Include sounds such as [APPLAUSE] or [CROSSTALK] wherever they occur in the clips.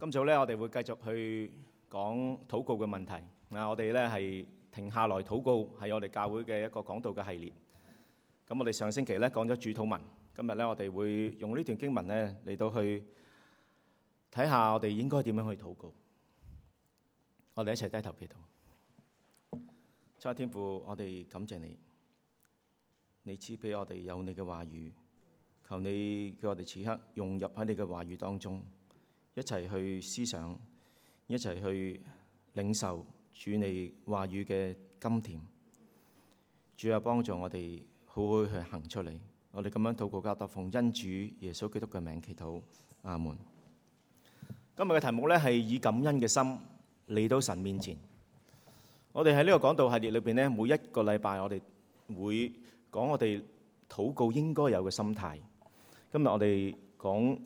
今早咧，我哋會繼續去講禱告嘅問題。啊，我哋咧係停下來禱告，係我哋教會嘅一個講道嘅系列。咁我哋上星期咧講咗主禱文，今日咧我哋會用呢段經文咧嚟到去睇下我哋應該點樣去禱告。我哋一齊低頭祈禱。主啊，天父，我哋感謝你，你賜俾我哋有你嘅話語，求你叫我哋此刻融入喺你嘅話語當中。一齊去思想，一齊去領受主你話語嘅甘甜。主啊，幫助我哋好好去行出嚟。我哋咁樣禱告，交託奉恩主耶穌基督嘅名祈禱。阿門。今日嘅題目咧係以感恩嘅心嚟到神面前。我哋喺呢個講道系列裏邊咧，每一個禮拜我哋會講我哋禱告應該有嘅心態。今日我哋講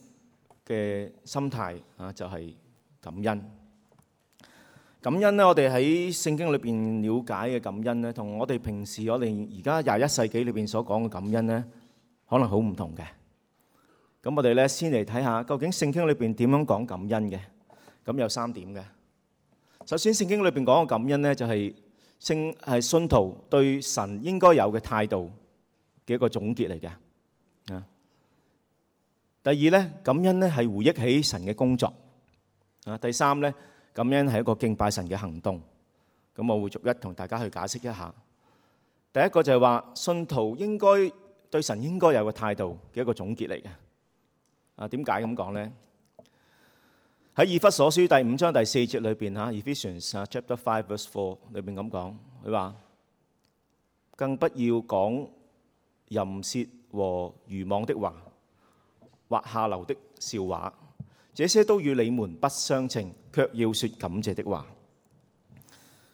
嘅心態啊，就係、是、感恩。感恩咧，我哋喺聖經裏邊了解嘅感恩咧，同我哋平時我哋而家廿一世紀裏邊所講嘅感恩咧，可能好唔同嘅。咁我哋咧先嚟睇下，究竟聖經裏邊點樣講感恩嘅？咁有三點嘅。首先，聖經裏邊講嘅感恩咧、就是，就係信係信徒對神應該有嘅態度嘅一個總結嚟嘅。啊！第二咧，感恩咧係回憶起神嘅工作；啊，第三咧，感恩係一個敬拜神嘅行動，咁、啊、我會逐一同大家去解釋一下。第一個就係話信徒應該對神應該有個態度嘅一個總結嚟嘅。啊，解咁講咧？喺以弗所書第五章第四節裏邊吓、啊、e p h e s i、啊、a n s chapter five verse four 裏邊咁講，佢話：更不要講淫褻和漁網的話。或下流的笑話，這些都與你們不相稱，卻要說感謝的話。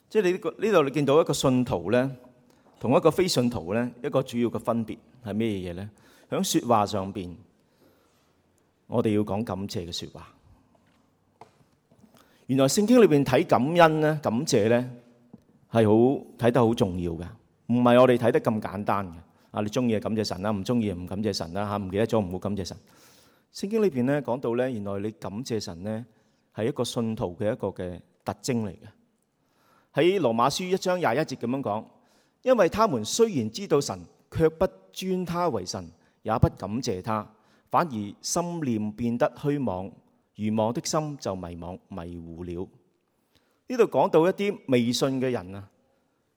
即係你呢度你見到一個信徒咧，同一個非信徒咧，一個主要嘅分別係咩嘢咧？喺說話上邊，我哋要講感謝嘅說話。原來聖經裏邊睇感恩咧、感謝咧，係好睇得好重要嘅，唔係我哋睇得咁簡單嘅。啊，你中意啊感謝神啦，唔中意啊唔感謝神啦吓，唔記得咗唔好感謝神。聖經裏面咧講到咧，原來你感謝神咧，係一個信徒嘅一個嘅特徵嚟嘅。喺羅馬書一章廿一節咁樣講，因為他們雖然知道神，卻不尊他為神，也不感謝他，反而心念變得虛妄，愚妄的心就迷惘迷糊了。呢度講到一啲未信嘅人啊，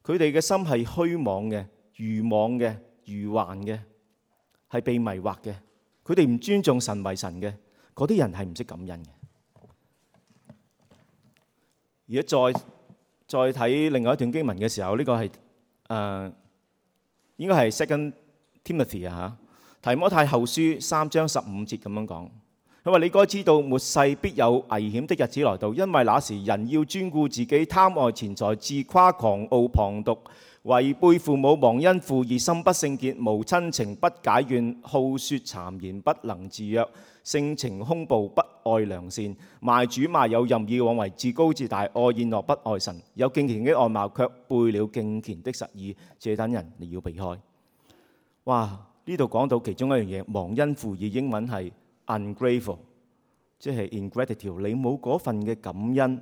佢哋嘅心係虛妄嘅、愚妄嘅、愚幻嘅，係被迷惑嘅。佢哋唔尊重神為神嘅，嗰啲人係唔識感恩嘅。而家再再睇另外一段經文嘅時候，呢、這個係誒、呃、應該係 Second Timothy 啊嚇，提摩太後書三章十五節咁樣講。佢話你該知道末世必有危險的日子來到，因為那時人要專顧自己，貪愛錢財，自誇狂傲，謗讟。違背父母，忘恩負義，心不聖潔，無親情不解怨，好說讒言不能自約，性情凶暴不愛良善，賣主賣友任意妄為，自高自大，愛宴樂不愛神，有敬虔嘅外貌卻背了敬虔的實意，這等人你要避開。哇！呢度講到其中一樣嘢，忘恩負義，英文係 ungrateful，即係 ingratitude，你冇嗰份嘅感恩，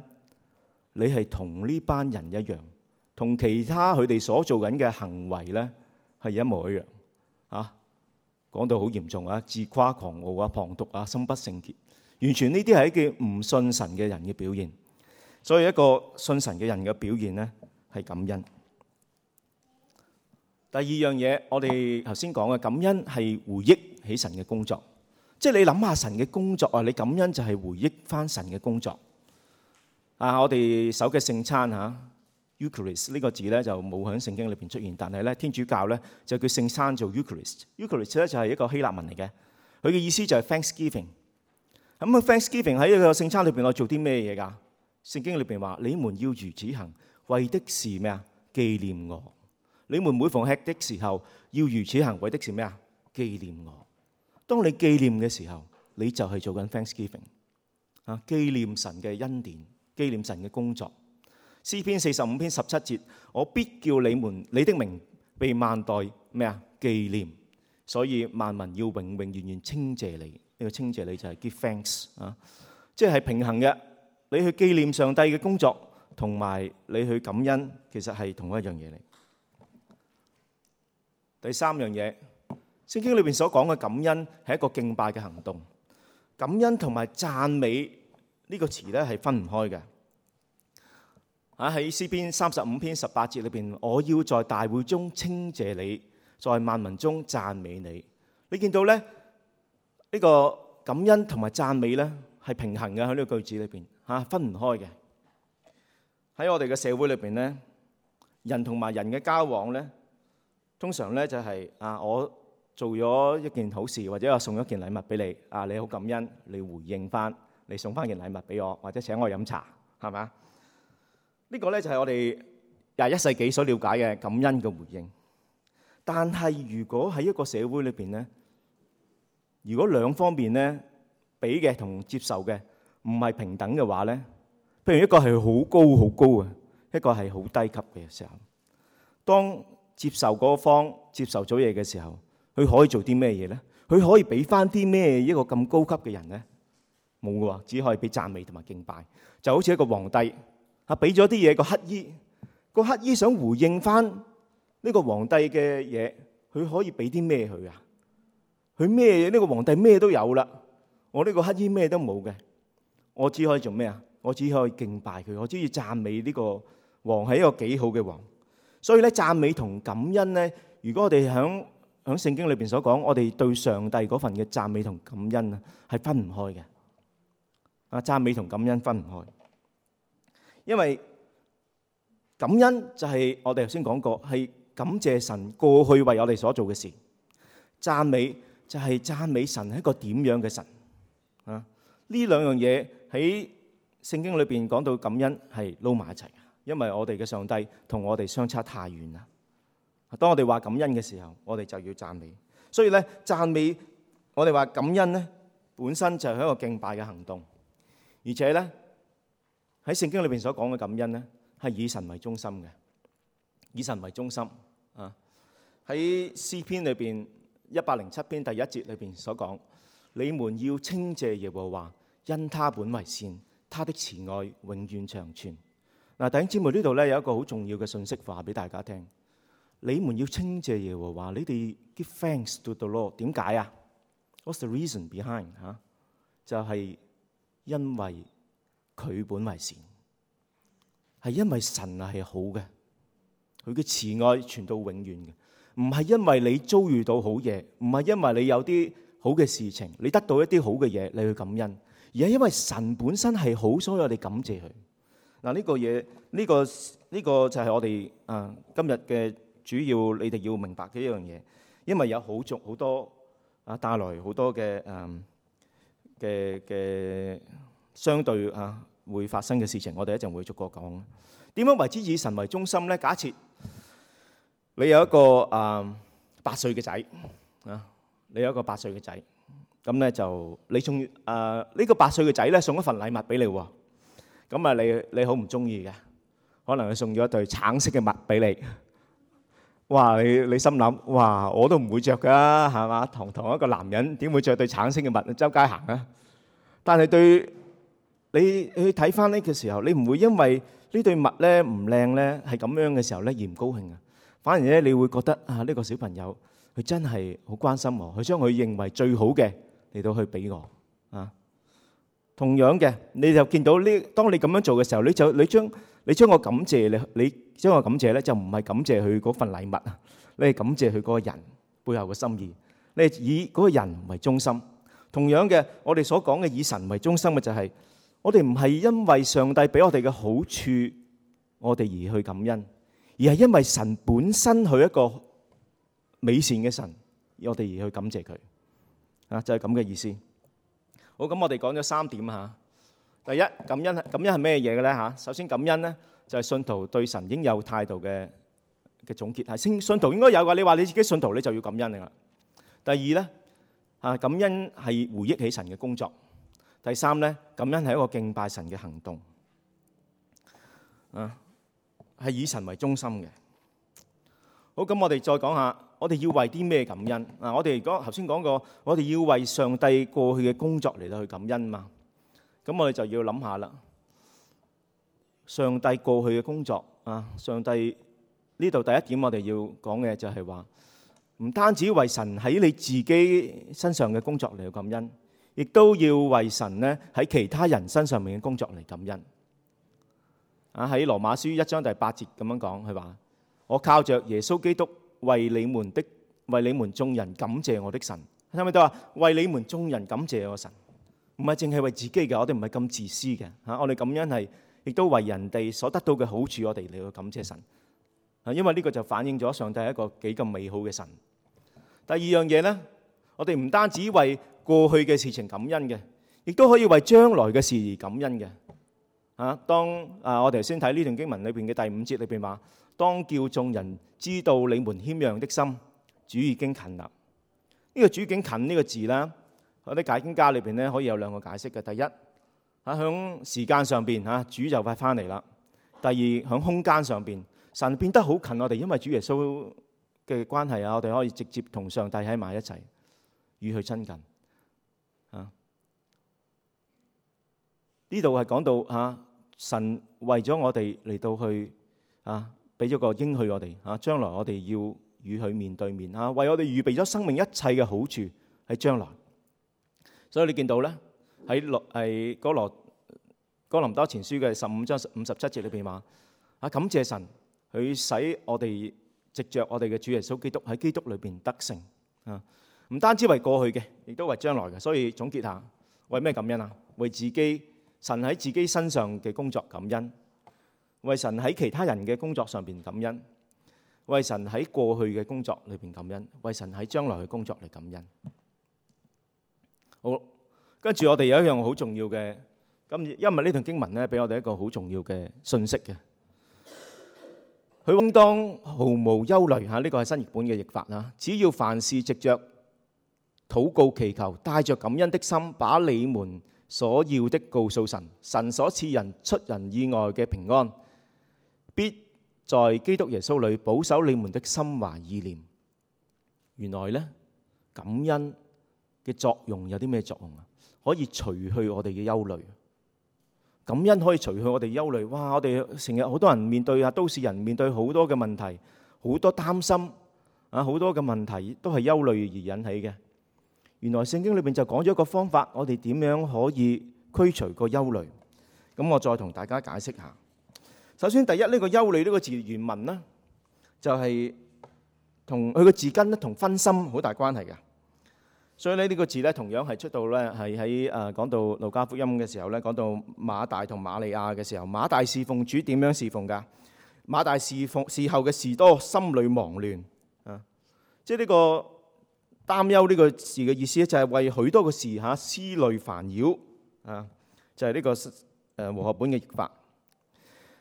你係同呢班人一樣。同其他佢哋所做緊嘅行為咧係一模一樣啊！講到好嚴重啊，自誇狂傲啊，謗讟啊，心不聖潔，完全呢啲係一個唔信神嘅人嘅表現。所以一個信神嘅人嘅表現咧係感恩。第二樣嘢，我哋頭先講嘅感恩係回憶起神嘅工作，即係你諗下神嘅工作啊！你感恩就係回憶返神嘅工作啊！我哋守嘅聖餐嚇。Eucharist 呢個字咧就冇喺聖經裏邊出現，但係咧天主教咧就叫聖餐做 Eucharist。Eucharist 咧就係一個希臘文嚟嘅，佢嘅意思就係 Thanksgiving。咁啊，Thanksgiving 喺一個聖餐裏邊我做啲咩嘢㗎？聖經裏邊話：你們要如此行，為的是咩啊？紀念我。你們每逢吃的時候要如此行，為的是咩啊？紀念我。當你紀念嘅時候，你就係做緊 Thanksgiving 啊！紀念神嘅恩典，紀念神嘅工作。詩篇四十五篇十七節，我必叫你們，你的名被萬代咩啊？紀念，所以萬民要永永遠遠稱謝你。呢個稱謝你就係 give thanks 啊，即係平衡嘅，你去紀念上帝嘅工作，同埋你去感恩，其實係同一樣嘢嚟。第三樣嘢，聖經裏邊所講嘅感恩係一個敬拜嘅行動，感恩同埋讚美呢個詞咧係分唔開嘅。啊！喺詩篇三十五篇十八節裏邊，我要在大會中稱謝你，在萬民中讚美你。你見到咧，呢個感恩同埋讚美咧係平衡嘅，喺呢個句子裏邊，吓、啊、分唔開嘅。喺我哋嘅社會裏邊咧，人同埋人嘅交往咧，通常咧就係、是、啊，我做咗一件好事或者我送咗件禮物俾你，啊，你好感恩，你回應翻，你送翻件禮物俾我，或者請我飲茶，係咪？呢個咧就係我哋廿一世紀所了解嘅感恩嘅回應。但係如果喺一個社會裏邊咧，如果兩方面咧俾嘅同接受嘅唔係平等嘅話咧，譬如一個係好高好高嘅，一個係好低級嘅時候，當接受嗰方接受咗嘢嘅時候，佢可以做啲咩嘢咧？佢可以俾翻啲咩一個咁高級嘅人咧？冇嘅，只可以俾讚美同埋敬拜，就好似一個皇帝。啊！俾咗啲嘢個乞衣，個乞衣想回應翻呢個皇帝嘅嘢，佢可以俾啲咩佢啊？佢咩？呢個皇帝咩都有啦，我呢個乞衣咩都冇嘅，我只可以做咩啊？我只可以敬拜佢，我只要讚美呢個王係一個幾好嘅王。所以咧，讚美同感恩咧，如果我哋響響聖經裏邊所講，我哋對上帝嗰份嘅讚美同感恩啊，係分唔開嘅。啊，讚美同感恩分唔開。因為感恩就係我哋頭先講過，係感謝神過去為我哋所做嘅事；讚美就係讚美神係一個點樣嘅神啊？呢兩樣嘢喺聖經裏邊講到感恩係撈埋一齊，因為我哋嘅上帝同我哋相差太遠啦。當我哋話感恩嘅時候，我哋就要讚美。所以咧，讚美我哋話感恩咧，本身就係一個敬拜嘅行動，而且咧。喺聖經裏邊所講嘅感恩呢，係以神為中心嘅，以神為中心啊！喺詩篇裏邊一百零七篇第一節裏邊所講， [NOISE] 你們要稱謝耶和華，因他本為善，他的慈愛永遠長存。嗱、啊，弟兄姊妹，呢度呢，有一個好重要嘅信息話俾大家聽，你們要稱謝耶和華，你哋 Give thanks to the Lord。點解啊？What's the reason behind？吓、啊，就係、是、因為。佢本為善，係因為神係好嘅，佢嘅慈愛傳到永遠嘅，唔係因為你遭遇到好嘢，唔係因為你有啲好嘅事情，你得到一啲好嘅嘢，你去感恩，而係因為神本身係好，所以我哋感謝佢。嗱、呢個、呢個嘢，呢、呢個呢、呢個就係我哋誒、啊、今日嘅主要，你哋要明白嘅一樣嘢，因為有好足好多啊，帶來好多嘅誒嘅嘅相對啊。會發生嘅事情，我哋一陣會逐個講。點樣為之以神為中心咧？假設你有一個啊八歲嘅仔啊，你有一個八歲嘅仔，咁咧就你送誒呢個八歲嘅仔咧送一份禮物俾你喎。咁啊，你你好唔中意嘅，可能佢送咗對橙色嘅襪俾你。哇！你你心諗哇，我都唔會著㗎，係嘛？堂堂一個男人點會著對橙色嘅襪去周街行啊？但係對你去睇翻呢個時候，你唔會因為呢對襪咧唔靚咧係咁樣嘅時候咧而唔高興啊，反而咧你會覺得啊，呢個小朋友佢真係好關心我，佢將佢認為最好嘅嚟到去俾我啊。同樣嘅，你就見到呢，當你咁樣做嘅時候，你就你將你將我感謝你，你將我感謝咧就唔係感謝佢嗰份禮物啊，你係感謝佢嗰個人背後嘅心意，你係以嗰個人為中心。同樣嘅，我哋所講嘅以神為中心嘅就係。我哋唔係因為上帝俾我哋嘅好處，我哋而去感恩，而係因為神本身佢一個美善嘅神，我哋而去感謝佢，啊就係咁嘅意思。好咁，我哋講咗三點吓。第一，感恩感恩係咩嘢嘅咧？吓，首先感恩咧就係信徒對神應有態度嘅嘅總結。係信信徒應該有㗎，你話你自己信徒你就要感恩㗎啦。第二咧，啊感恩係回憶起神嘅工作。第三咧，感恩係一個敬拜神嘅行動，啊，係以神為中心嘅。好，咁我哋再講下，我哋要為啲咩感恩？啊，我哋如果頭先講過，我哋要為上帝過去嘅工作嚟到去感恩嘛。咁我哋就要諗下啦。上帝過去嘅工作啊，上帝呢度第一點我哋要講嘅就係話，唔單止為神喺你自己身上嘅工作嚟到感恩。亦都要為神咧喺其他人身上面嘅工作嚟感恩。啊，喺《羅馬書》一章第八節咁樣講，係話，我靠着耶穌基督為你們的，為你們眾人感謝我的神。係咪都話？為你們眾人感謝我神，唔係淨係為自己嘅，我哋唔係咁自私嘅嚇。我哋感恩係亦都為人哋所得到嘅好處我，我哋嚟去感謝神。啊，因為呢個就反映咗上帝係一個幾咁美好嘅神。第二樣嘢咧，我哋唔單止為過去嘅事情感恩嘅，亦都可以為將來嘅事而感恩嘅。啊，當啊，我哋先睇呢段經文裏邊嘅第五節裏邊話，當叫眾人知道你們謙讓的心，主已經近了。呢個主經近呢個字啦，我哋解經家裏邊咧可以有兩個解釋嘅。第一，喺響時間上邊，嚇主就快翻嚟啦；第二，響空間上邊，神變得好近我哋，因為主耶穌嘅關係啊，我哋可以直接同上帝喺埋一齊與佢親近。呢度係講到嚇神為咗我哋嚟到去啊，俾咗個應許我哋嚇，將來我哋要與佢面對面嚇，為我哋預備咗生命一切嘅好處喺將來。所以你見到咧喺羅係哥羅哥林多前書嘅十五章五十七節裏邊話啊，感謝神佢使我哋藉著我哋嘅主耶穌基督喺基督裏邊得勝啊，唔單止為過去嘅，亦都為將來嘅。所以總結下，為咩感恩啊？為自己。神喺自己身上嘅工作感恩，為神喺其他人嘅工作上邊感恩，為神喺過去嘅工作裏邊感恩，為神喺將來嘅工作嚟感恩。好，跟住我哋有一樣好重要嘅，咁因為呢段經文咧，俾我哋一個好重要嘅信息嘅。佢應當毫無憂慮吓，呢個係新譯本嘅譯法啦。只要凡事藉着禱告祈求，帶着感恩的心，把你們。所要的，告訴神，神所賜人出人意外嘅平安，必在基督耶穌裏保守你們的心懷意念。原來呢，感恩嘅作用有啲咩作用啊？可以除去我哋嘅憂慮。感恩可以除去我哋憂慮。哇！我哋成日好多人面對啊，都市人面對好多嘅問題，好多擔心啊，好多嘅問題都係憂慮而引起嘅。原來聖經裏面就講咗一個方法，我哋點樣可以驅除個憂慮？咁我再同大家解釋下。首先，第一呢個憂慮呢個字原文呢，就係同佢個字根呢，同分心好大關係嘅。所以呢呢個字呢，同樣係出到呢係喺誒講到路加福音嘅時候呢，講到馬大同馬利亞嘅時候，馬大侍奉主點樣侍奉㗎？馬大侍奉侍候嘅事多，心裏忙亂。啊，即係呢個。擔憂呢個事嘅意思咧，就係為許多嘅事吓思慮煩擾啊。就係呢個誒，和合本嘅譯法。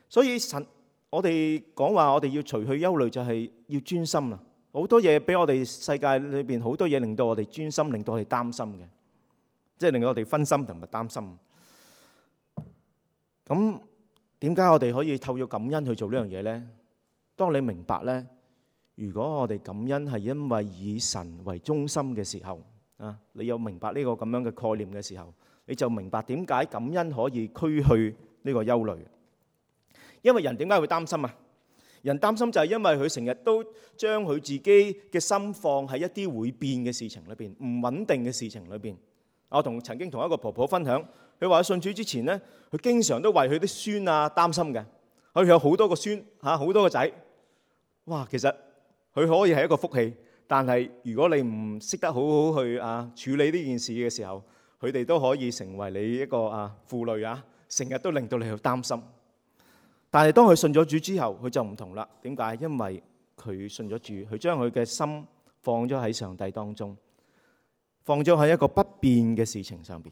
所以神，我哋講話我哋要除去憂慮，就係要專心啦。好多嘢俾我哋世界裏邊好多嘢，令到我哋專心，令到我哋擔心嘅，即係令到我哋分心同埋擔心。咁點解我哋可以透過感恩去做呢樣嘢咧？當你明白咧。如果我哋感恩係因為以神為中心嘅時候，啊，你有明白呢個咁樣嘅概念嘅時候，你就明白點解感恩可以驅去呢個憂慮。因為人點解會擔心啊？人擔心就係因為佢成日都將佢自己嘅心放喺一啲會變嘅事情裏邊，唔穩定嘅事情裏邊。我同曾經同一個婆婆分享，佢話：信主之前呢，佢經常都為佢啲孫啊擔心嘅。佢有好多個孫嚇，好多個仔。哇，其實～佢可以係一個福氣，但係如果你唔識得好好去啊處理呢件事嘅時候，佢哋都可以成為你一個啊負累啊，成日都令到你去擔心。但係當佢信咗主之後，佢就唔同啦。點解？因為佢信咗主，佢將佢嘅心放咗喺上帝當中，放咗喺一個不變嘅事情上邊。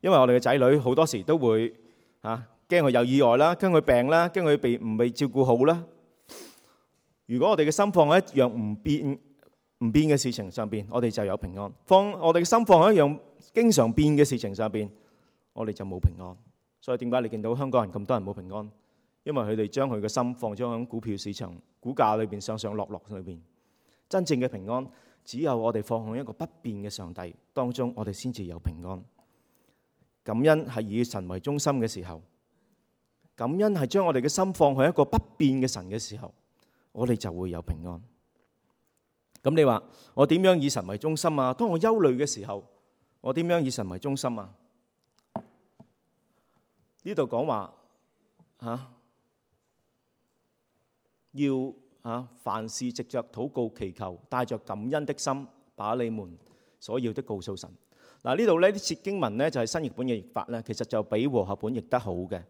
因為我哋嘅仔女好多時都會啊驚佢有意外啦，驚佢病啦，驚佢被唔被照顧好啦。如果我哋嘅心放喺一樣唔變唔變嘅事情上邊，我哋就有平安。放我哋嘅心放喺一樣經常變嘅事情上邊，我哋就冇平安。所以點解你見到香港人咁多人冇平安？因為佢哋將佢嘅心放咗喺股票市場股價裏邊上上落落裏邊。真正嘅平安只有我哋放喺一個不變嘅上帝當中，我哋先至有平安。感恩係以神為中心嘅時候，感恩係將我哋嘅心放喺一個不變嘅神嘅時候。我哋就會有平安。咁你話我點樣以神為中心啊？當我憂慮嘅時候，我點樣以神為中心啊？呢度講話吓，要吓，凡事藉著禱告祈求，帶著感恩的心，把你們所要的告訴神。嗱，呢度呢啲切經文咧就係新譯本嘅譯法咧，其實就比和合本譯得好嘅，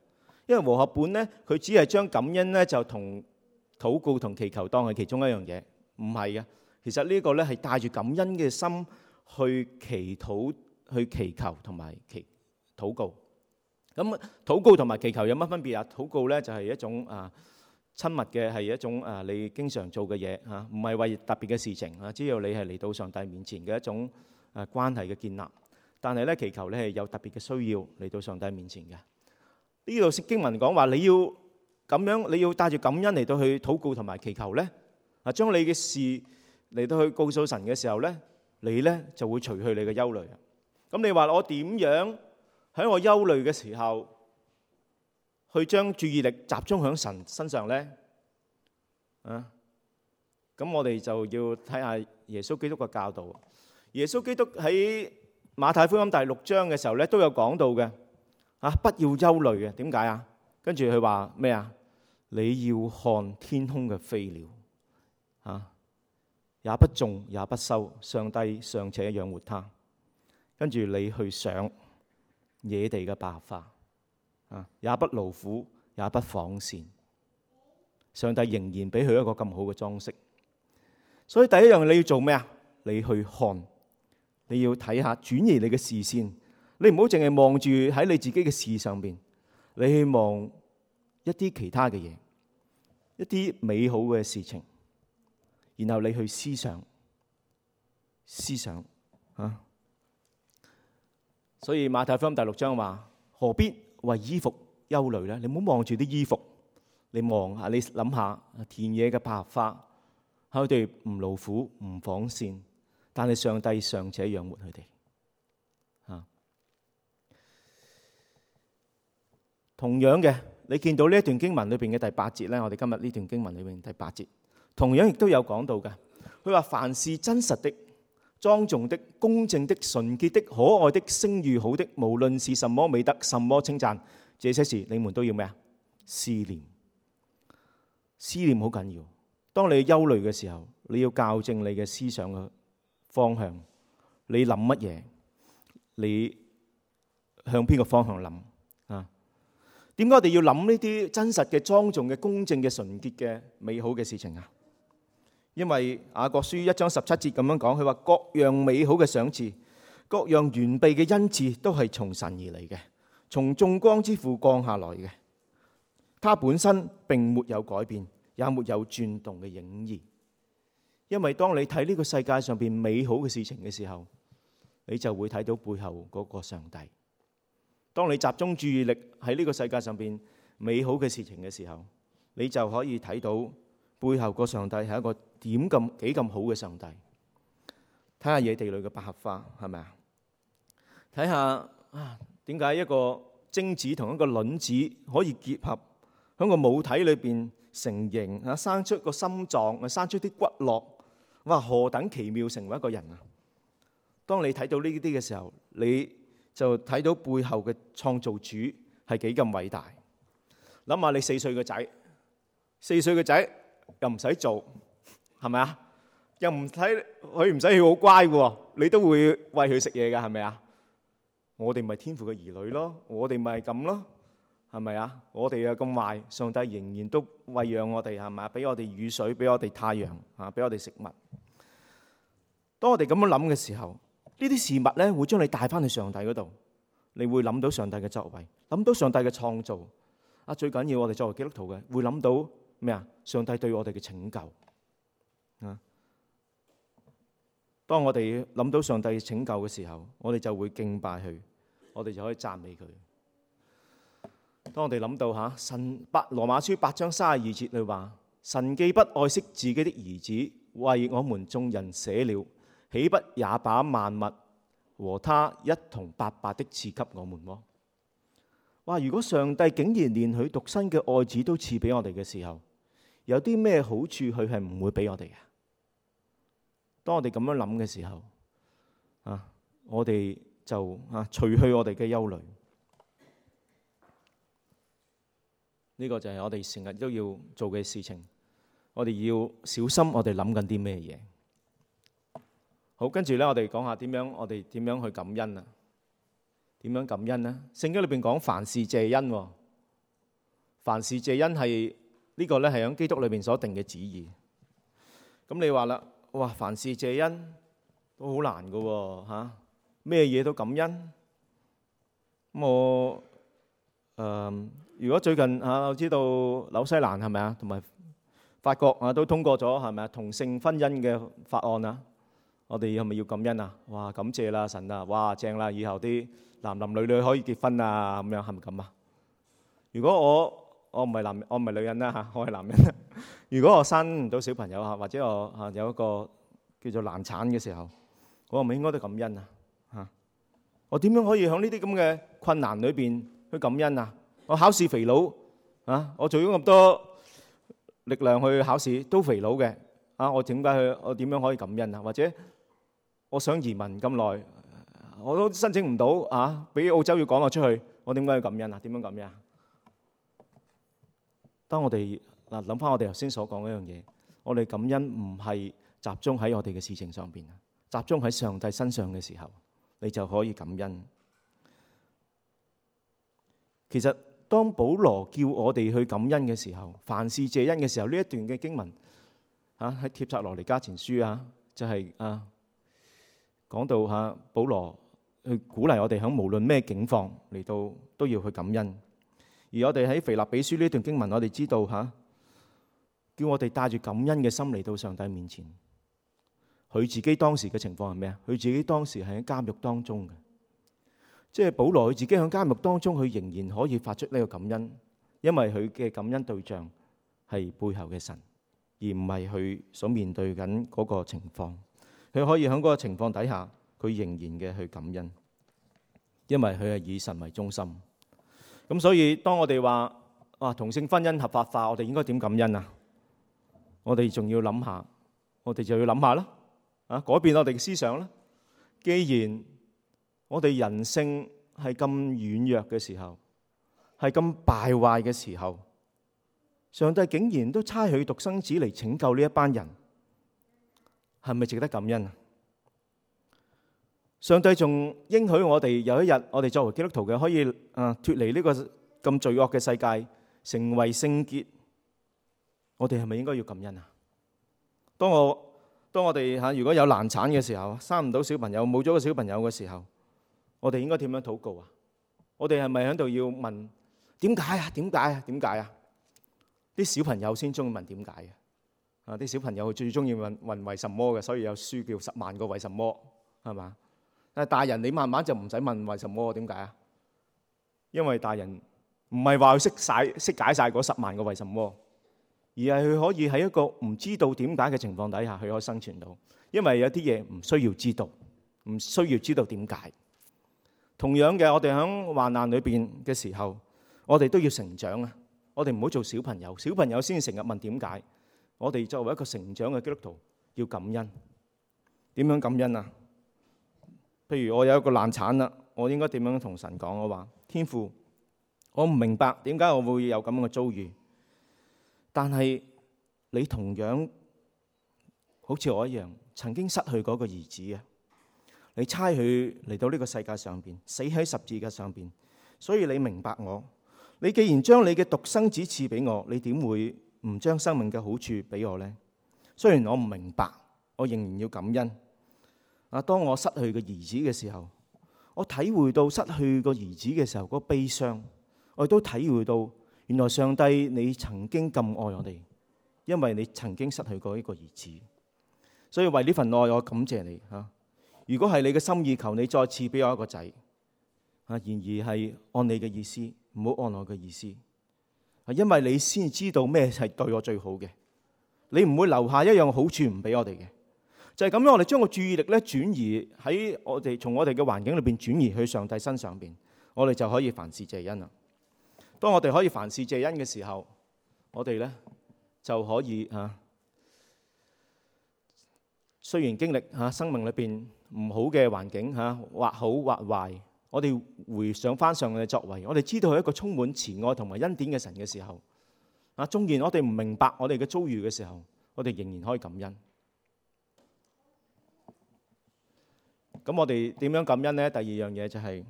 因為和合本咧佢只係將感恩咧就同。禱告同祈求當係其中一樣嘢，唔係嘅。其實呢個咧係帶住感恩嘅心去祈禱、去祈求同埋祈禱告。咁，禱告同埋祈求有乜分別啊？禱告咧就係一種啊親密嘅，係一種啊你經常做嘅嘢嚇，唔係為特別嘅事情啊。只要你係嚟到上帝面前嘅一種啊關係嘅建立，但係咧祈求咧係有特別嘅需要嚟到上帝面前嘅。呢度嘅經文講話你要。咁樣你要帶住感恩嚟到去禱告同埋祈求咧，啊將你嘅事嚟到去告訴神嘅時候咧，你咧就會除去你嘅憂慮。咁你話我點樣喺我憂慮嘅時候去將注意力集中喺神身上咧？啊，咁我哋就要睇下耶穌基督嘅教導。耶穌基督喺馬太福音第六章嘅時候咧都有講到嘅，啊不要憂慮嘅，點解啊？跟住佢話咩啊？你要看天空嘅飛鳥，啊，也不種也不收，上帝尚且養活他，跟住你去想野地嘅百合花，啊，也不勞苦也不紡線。上帝仍然俾佢一個咁好嘅裝飾。所以第一樣你要做咩啊？你去看，你要睇下，轉移你嘅視線，你唔好淨係望住喺你自己嘅事上邊，你去望一啲其他嘅嘢。一啲美好嘅事情，然後你去思想、思想嚇、啊。所以馬太福音第六章話：何必為衣服憂慮咧？你唔好望住啲衣服，你望下，你諗下田野嘅白花，佢哋唔勞苦唔紡線，但係上帝尚且養活佢哋嚇。同樣嘅。你見到呢一段經文裏邊嘅第八節呢，我哋今日呢段經文裏邊第八節，同樣亦都有講到嘅。佢話：凡是真實的、莊重的、公正的、純潔的、可愛的、聲譽好的，無論是什麼美德、什麼稱讚，這些事你們都要咩啊？思念，思念好緊要。當你憂慮嘅時候，你要校正你嘅思想嘅方向，你諗乜嘢？你向邊個方向諗？點解我哋要諗呢啲真實嘅莊重嘅公正嘅純潔嘅美好嘅事情啊？因為雅各書一章十七節咁樣講，佢話各樣美好嘅賞賜，各樣完備嘅恩賜，都係從神而嚟嘅，從眾光之父降下來嘅。它本身並沒有改變，也沒有轉動嘅影兒。因為當你睇呢個世界上邊美好嘅事情嘅時候，你就會睇到背後嗰個上帝。當你集中注意力喺呢個世界上邊美好嘅事情嘅時候，你就可以睇到背後個上帝係一個點咁幾咁好嘅上帝。睇下野地裏嘅百合花係咪啊？睇下啊，點解一個精子同一個卵子可以結合，喺個母體裏邊成形啊，生出個心臟啊，生出啲骨骼，哇！何等奇妙，成為一個人啊！當你睇到呢啲嘅時候，你就睇到背後嘅創造主係幾咁偉大，諗下你四歲嘅仔，四歲嘅仔又唔使做，係咪啊？又唔使佢唔使佢好乖嘅喎，你都會喂佢食嘢嘅，係咪啊？我哋咪天父嘅兒女咯，我哋咪咁咯，係咪啊？我哋又咁壞，上帝仍然都餵養我哋，係咪啊？俾我哋雨水，俾我哋太陽，啊，俾我哋食物。當我哋咁樣諗嘅時候。呢啲事物咧，會將你帶翻去上帝嗰度，你會諗到上帝嘅作為，諗到上帝嘅創造啊！最緊要我哋作為基督徒嘅，會諗到咩啊？上帝對我哋嘅拯救啊！當我哋諗到上帝嘅拯救嘅時候，我哋就會敬拜佢，我哋就可以讚美佢。當我哋諗到嚇、啊、神八羅馬書八章三十二節裏話：神既不愛惜自己的兒子，為我們眾人捨了。豈不也把萬物和他一同白白的賜給我們麼？哇！如果上帝竟然連佢獨生嘅愛子都賜俾我哋嘅時候，有啲咩好處佢係唔會俾我哋啊？當我哋咁樣諗嘅時候，啊，我哋就啊，除去我哋嘅憂慮。呢、這個就係我哋成日都要做嘅事情。我哋要小心我們想什麼，我哋諗緊啲咩嘢。好，跟住咧，我哋講下點樣，我哋點樣去感恩啊？點樣感恩咧？聖經裏邊講凡事謝恩，凡事謝恩係呢個咧，係喺基督裏邊所定嘅旨意。咁你話啦，哇！凡事謝恩都好難噶嚇，咩嘢都感恩咁我誒。如果最近啊，我知道紐西蘭係咪啊，同埋法國啊都通過咗係咪啊同性婚姻嘅法案啊？我哋係咪要感恩啊？哇，感謝啦神啊！哇，正啦，以後啲男男女女可以結婚啊，咁樣係咪咁啊？如果我我唔係男我唔係女人啦嚇，我係男人。如果我生唔到小朋友嚇，或者我嚇有一個叫做難產嘅時候，我係咪應該都感恩啊？嚇！我點樣可以響呢啲咁嘅困難裏邊去感恩啊？我考試肥佬啊！我做咗咁多力量去考試都肥佬嘅啊！我點解去？我點樣可以感恩啊？或者？我想移民咁耐，我都申請唔到啊！俾澳洲要趕我出去，我點解要感恩啊？點樣感恩啊？當我哋嗱諗返我哋頭先所講一樣嘢，我哋感恩唔係集中喺我哋嘅事情上邊，集中喺上帝身上嘅時候，你就可以感恩。其實當保羅叫我哋去感恩嘅時候，凡事謝恩嘅時候，呢一段嘅經文啊喺帖撒羅尼加前書啊，就係、係、啊。講到吓、啊、保羅去鼓勵我哋喺無論咩境況嚟到都要去感恩，而我哋喺腓立比書呢段經文，我哋知道吓、啊，叫我哋帶住感恩嘅心嚟到上帝面前。佢自己當時嘅情況係咩啊？佢自己當時係喺監獄當中嘅，即係保羅佢自己喺監獄當中，佢仍然可以發出呢個感恩，因為佢嘅感恩對象係背後嘅神，而唔係佢所面對緊嗰個情況。佢可以響嗰個情況底下，佢仍然嘅去感恩，因為佢係以神為中心。咁所以，當我哋話啊同性婚姻合法化，我哋應該點感恩啊？我哋仲要諗下，我哋就要諗下啦。啊，改變我哋嘅思想啦。既然我哋人性係咁軟弱嘅時候，係咁敗壞嘅時候，上帝竟然都差佢獨生子嚟拯救呢一班人。係咪值得感恩啊？上帝仲應許我哋有一日，我哋作為基督徒嘅可以，誒脫離呢個咁罪惡嘅世界，成為聖潔。我哋係咪應該要感恩啊？當我當我哋吓，如果有難產嘅時候，生唔到小朋友，冇咗個小朋友嘅時候，我哋應該點樣禱告啊？我哋係咪喺度要問點解啊？點解啊？點解啊？啲小朋友先中意問點解嘅。啊！啲小朋友最中意問問為什麼嘅，所以有書叫《十萬個為什麼》，係嘛？但係大人你慢慢就唔使問為什麼，點解啊？因為大人唔係話佢識曬識解曬嗰十萬個為什麼，而係佢可以喺一個唔知道點解嘅情況底下，佢可以生存到。因為有啲嘢唔需要知道，唔需要知道點解。同樣嘅，我哋喺患難裏邊嘅時候，我哋都要成長啊！我哋唔好做小朋友，小朋友先成日問點解。我哋作為一個成長嘅基督徒，要感恩。點樣感恩啊？譬如我有一個難產啦，我應該點樣同神講？我話，天父，我唔明白點解我會有咁樣嘅遭遇。但係你同樣好似我一樣，曾經失去嗰個兒子啊！你差佢嚟到呢個世界上邊，死喺十字架上邊，所以你明白我。你既然將你嘅獨生子賜俾我，你點會？唔將生命嘅好處俾我呢？雖然我唔明白，我仍然要感恩。啊，當我失去個兒子嘅時候，我體會到失去個兒子嘅時候嗰個悲傷，我亦都體會到原來上帝你曾經咁愛我哋，因為你曾經失去過一個兒子，所以為呢份愛我感謝你吓、啊。如果係你嘅心意，求你再賜俾我一個仔。啊，然而係按你嘅意思，唔好按我嘅意思。係因為你先知道咩，係對我最好嘅，你唔會留下一樣好處唔俾我哋嘅。就係咁樣，我哋將個注意力咧轉移喺我哋從我哋嘅環境裏邊轉移去上帝身上邊，我哋就可以凡事謝恩啦。當我哋可以凡事謝恩嘅時候，我哋咧就可以吓、啊，雖然經歷吓生命裏邊唔好嘅環境吓，或好或壞。我哋回想翻上帝嘅作為，我哋知道係一個充滿慈愛同埋恩典嘅神嘅時候，啊，縱然我哋唔明白我哋嘅遭遇嘅時候，我哋仍然可以感恩。咁我哋點樣感恩咧？第二樣嘢就係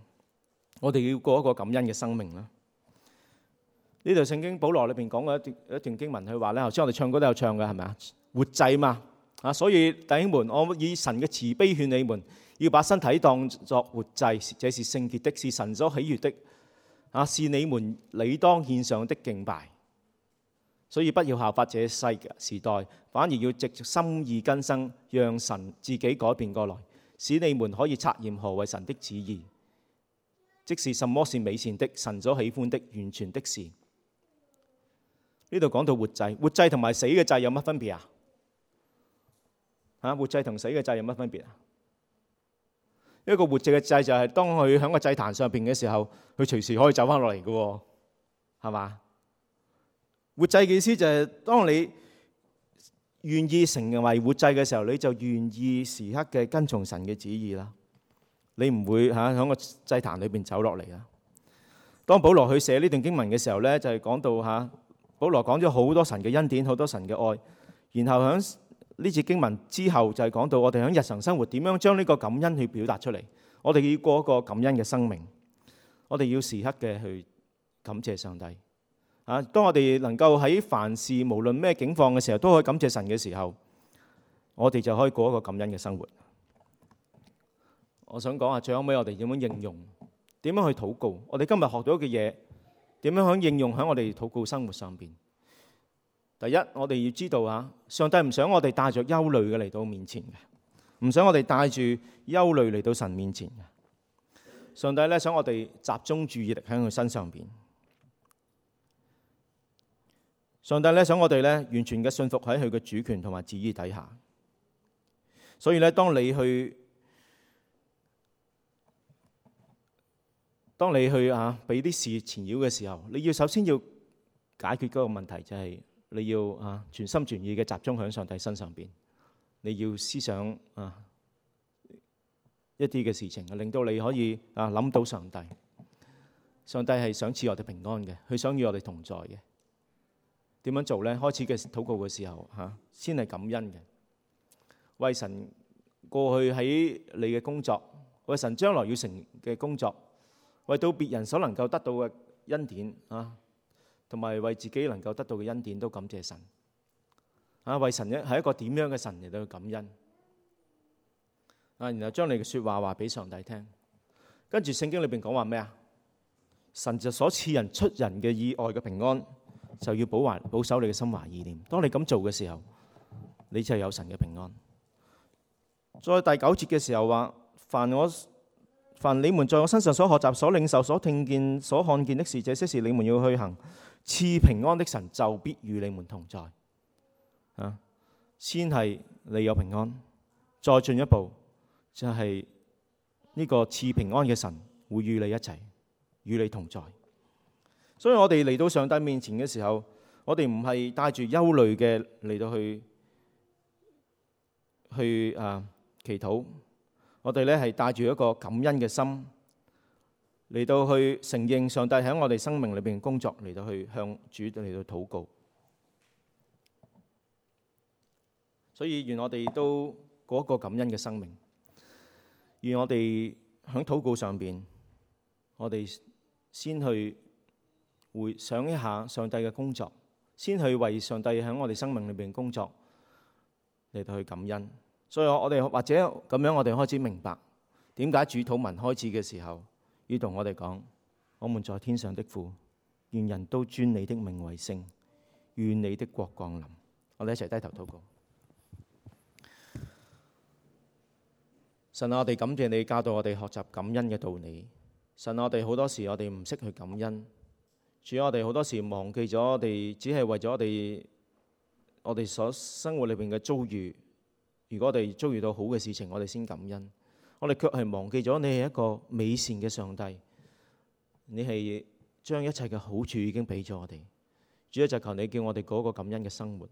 我哋要過一個感恩嘅生命啦。呢度聖經保羅裏邊講過一段一段經文，佢話咧，頭先我哋唱歌都有唱嘅，係咪啊？活祭嘛，啊，所以弟兄們，我以神嘅慈悲勸你們。要把身體當作活祭，這是聖潔的，是神所喜悅的，啊，是你們理當獻上的敬拜。所以不要效法這世時代，反而要藉心意更生，讓神自己改變過來，使你們可以察驗何為神的旨意，即是什麼是美善的，神所喜歡的，完全的事。呢度講到活祭，活祭同埋死嘅祭有乜分別啊？啊，活祭同死嘅祭有乜分別啊？一個活祭嘅祭就係當佢喺個祭壇上邊嘅時候，佢隨時可以走翻落嚟嘅，係嘛？活祭嘅意思就係當你願意成為活祭嘅時候，你就願意時刻嘅跟從神嘅旨意啦。你唔會吓喺個祭壇裏邊走落嚟啦。當保羅去寫呢段經文嘅時候咧，就係講到吓保羅講咗好多神嘅恩典，好多神嘅愛，然後響。呢次經文之後就係講到我哋喺日常生活點樣將呢個感恩去表達出嚟。我哋要過一個感恩嘅生命。我哋要時刻嘅去感謝上帝。啊，當我哋能夠喺凡事無論咩境況嘅時候都可以感謝神嘅時候，我哋就可以過一個感恩嘅生活。我想講下最後尾我哋點樣應用，點樣去禱告。我哋今日學到嘅嘢點樣響應用喺我哋禱告生活上邊？第一，我哋要知道啊，上帝唔想我哋帶着憂慮嘅嚟到面前嘅，唔想我哋帶住憂慮嚟到神面前嘅。上帝咧，想我哋集中注意力喺佢身上邊。上帝咧，想我哋咧，完全嘅信服喺佢嘅主權同埋旨意底下。所以咧，當你去當你去啊，俾啲事纏繞嘅時候，你要首先要解決嗰個問題，就係、是。你要啊全心全意嘅集中響上帝身上邊，你要思想啊一啲嘅事情，令到你可以啊諗到上帝。上帝係想賜我哋平安嘅，佢想與我哋同在嘅。點樣做咧？開始嘅禱告嘅時候吓，先係感恩嘅，為神過去喺你嘅工作，為神將來要成嘅工作，為到別人所能夠得到嘅恩典啊！同埋為自己能夠得到嘅恩典都感謝神，啊為神一係一個點樣嘅神嚟到感恩，啊然後將你嘅説話話俾上帝聽，跟住聖經裏邊講話咩啊？神就所賜人出人嘅意外嘅平安，就要保懷保守你嘅心懷意念。當你咁做嘅時候，你就有神嘅平安。再第九節嘅時候話，凡我。凡你們在我身上所學習、所領受、所聽見、所看見的事，這些事你們要去行，賜平安的神就必與你們同在。先係你有平安，再進一步就係、是、呢個賜平安嘅神會與你一齊，與你同在。所以我哋嚟到上帝面前嘅時候，我哋唔係帶住憂慮嘅嚟到去去啊、呃、祈禱。我哋咧係帶住一個感恩嘅心嚟到去承認上帝喺我哋生命裏邊工作，嚟到去向主嚟到禱告。所以，願我哋都過一個感恩嘅生命。願我哋喺禱告上邊，我哋先去回想一下上帝嘅工作，先去為上帝喺我哋生命裏邊工作嚟到去感恩。所以我，我哋或者咁樣，我哋開始明白點解主禱文開始嘅時候，要同我哋講：我們在天上的父，願人都尊你的名為聖，願你的國降臨。我哋一齊低頭禱告。神、啊，我哋感謝你教導我哋學習感恩嘅道理。神、啊，我哋好多時我哋唔識去感恩。主我我我，我哋好多時忘記咗我哋，只係為咗我哋，我哋所生活裏邊嘅遭遇。如果我哋遭遇到好嘅事情，我哋先感恩。我哋卻係忘記咗你係一個美善嘅上帝，你係將一切嘅好處已經俾咗我哋。主要就求你叫我哋過一個感恩嘅生活，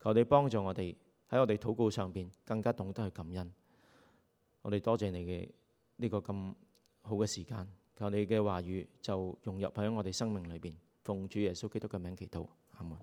求你幫助我哋喺我哋禱告上邊更加懂得去感恩。我哋多謝你嘅呢個咁好嘅時間，求你嘅話語就融入喺我哋生命裏邊。奉主耶穌基督嘅名祈禱，阿門。